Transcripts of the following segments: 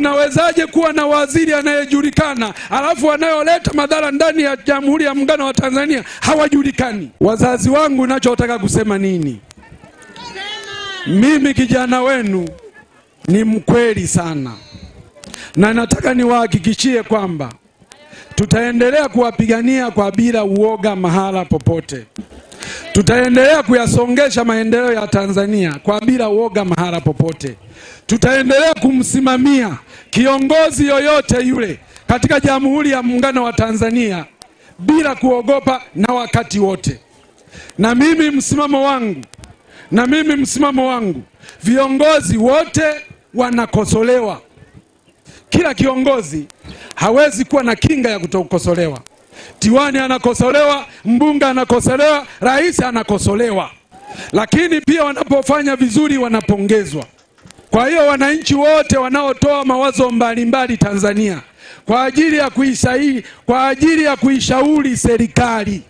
Tunawezaje kuwa na waziri anayejulikana alafu wanayoleta madhara ndani ya Jamhuri ya Muungano wa Tanzania hawajulikani? Wazazi wangu, nachotaka kusema nini? Mimi kijana wenu ni mkweli sana, na nataka niwahakikishie kwamba tutaendelea kuwapigania kwa bila uoga mahala popote. Tutaendelea kuyasongesha maendeleo ya Tanzania kwa bila uoga mahala popote. Tutaendelea kumsimamia kiongozi yoyote yule katika Jamhuri ya Muungano wa Tanzania bila kuogopa na wakati wote. Na mimi msimamo wangu, na mimi msimamo wangu, viongozi wote wanakosolewa. Kila kiongozi hawezi kuwa na kinga ya kutokosolewa diwani anakosolewa, mbunge anakosolewa, rais anakosolewa, lakini pia wanapofanya vizuri wanapongezwa. Kwa hiyo wananchi wote wanaotoa mawazo mbalimbali mbali Tanzania kwa ajili ya kuishauri, kwa ajili ya kuishauri serikali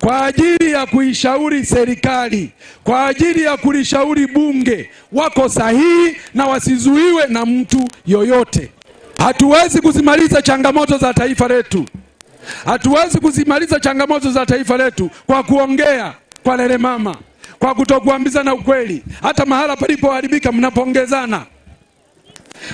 kwa ajili ya kuishauri serikali, kwa ajili ya kulishauri bunge, wako sahihi na wasizuiwe na mtu yoyote. Hatuwezi kuzimaliza changamoto za taifa letu Hatuwezi kuzimaliza changamoto za taifa letu kwa kuongea kwa lelemama, kwa kutokuambizana ukweli. Hata mahala palipoharibika mnapongezana,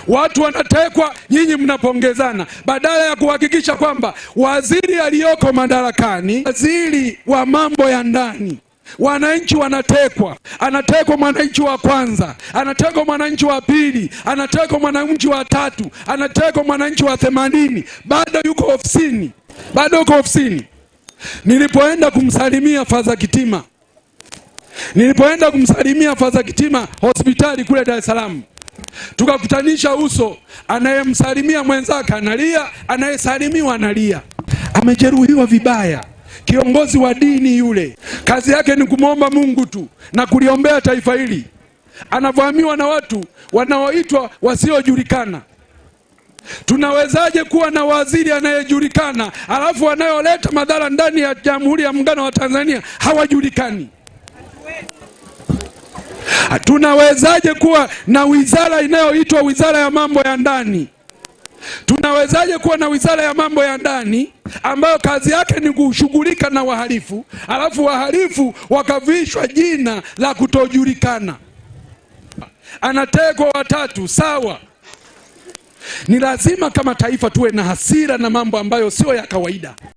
watu wanatekwa, nyinyi mnapongezana, badala ya kuhakikisha kwamba waziri aliyoko madarakani, waziri wa mambo ya ndani wananchi wanatekwa, anatekwa mwananchi wa kwanza, anatekwa mwananchi wa pili, anatekwa mwananchi wa tatu, anatekwa mwananchi wa themanini, bado yuko ofisini bado uko ofisini. Nilipoenda kumsalimia faza Kitima, nilipoenda kumsalimia Faza Kitima hospitali kule Dar es Salaam, tukakutanisha uso, anayemsalimia mwenzake analia, anayesalimiwa analia, amejeruhiwa vibaya. Kiongozi wa dini yule kazi yake ni kumwomba Mungu tu na kuliombea taifa hili, anavamiwa na watu wanaoitwa wasiojulikana. Tunawezaje kuwa na waziri anayejulikana alafu anayoleta madhara ndani ya Jamhuri ya Muungano wa Tanzania hawajulikani? Tunawezaje kuwa na wizara inayoitwa wizara ya mambo ya ndani? Tunawezaje kuwa na wizara ya mambo ya ndani ambayo kazi yake ni kushughulika na wahalifu, alafu wahalifu wakavishwa jina la kutojulikana? Anatekwa watatu, sawa ni lazima kama taifa tuwe na hasira na mambo ambayo sio ya kawaida.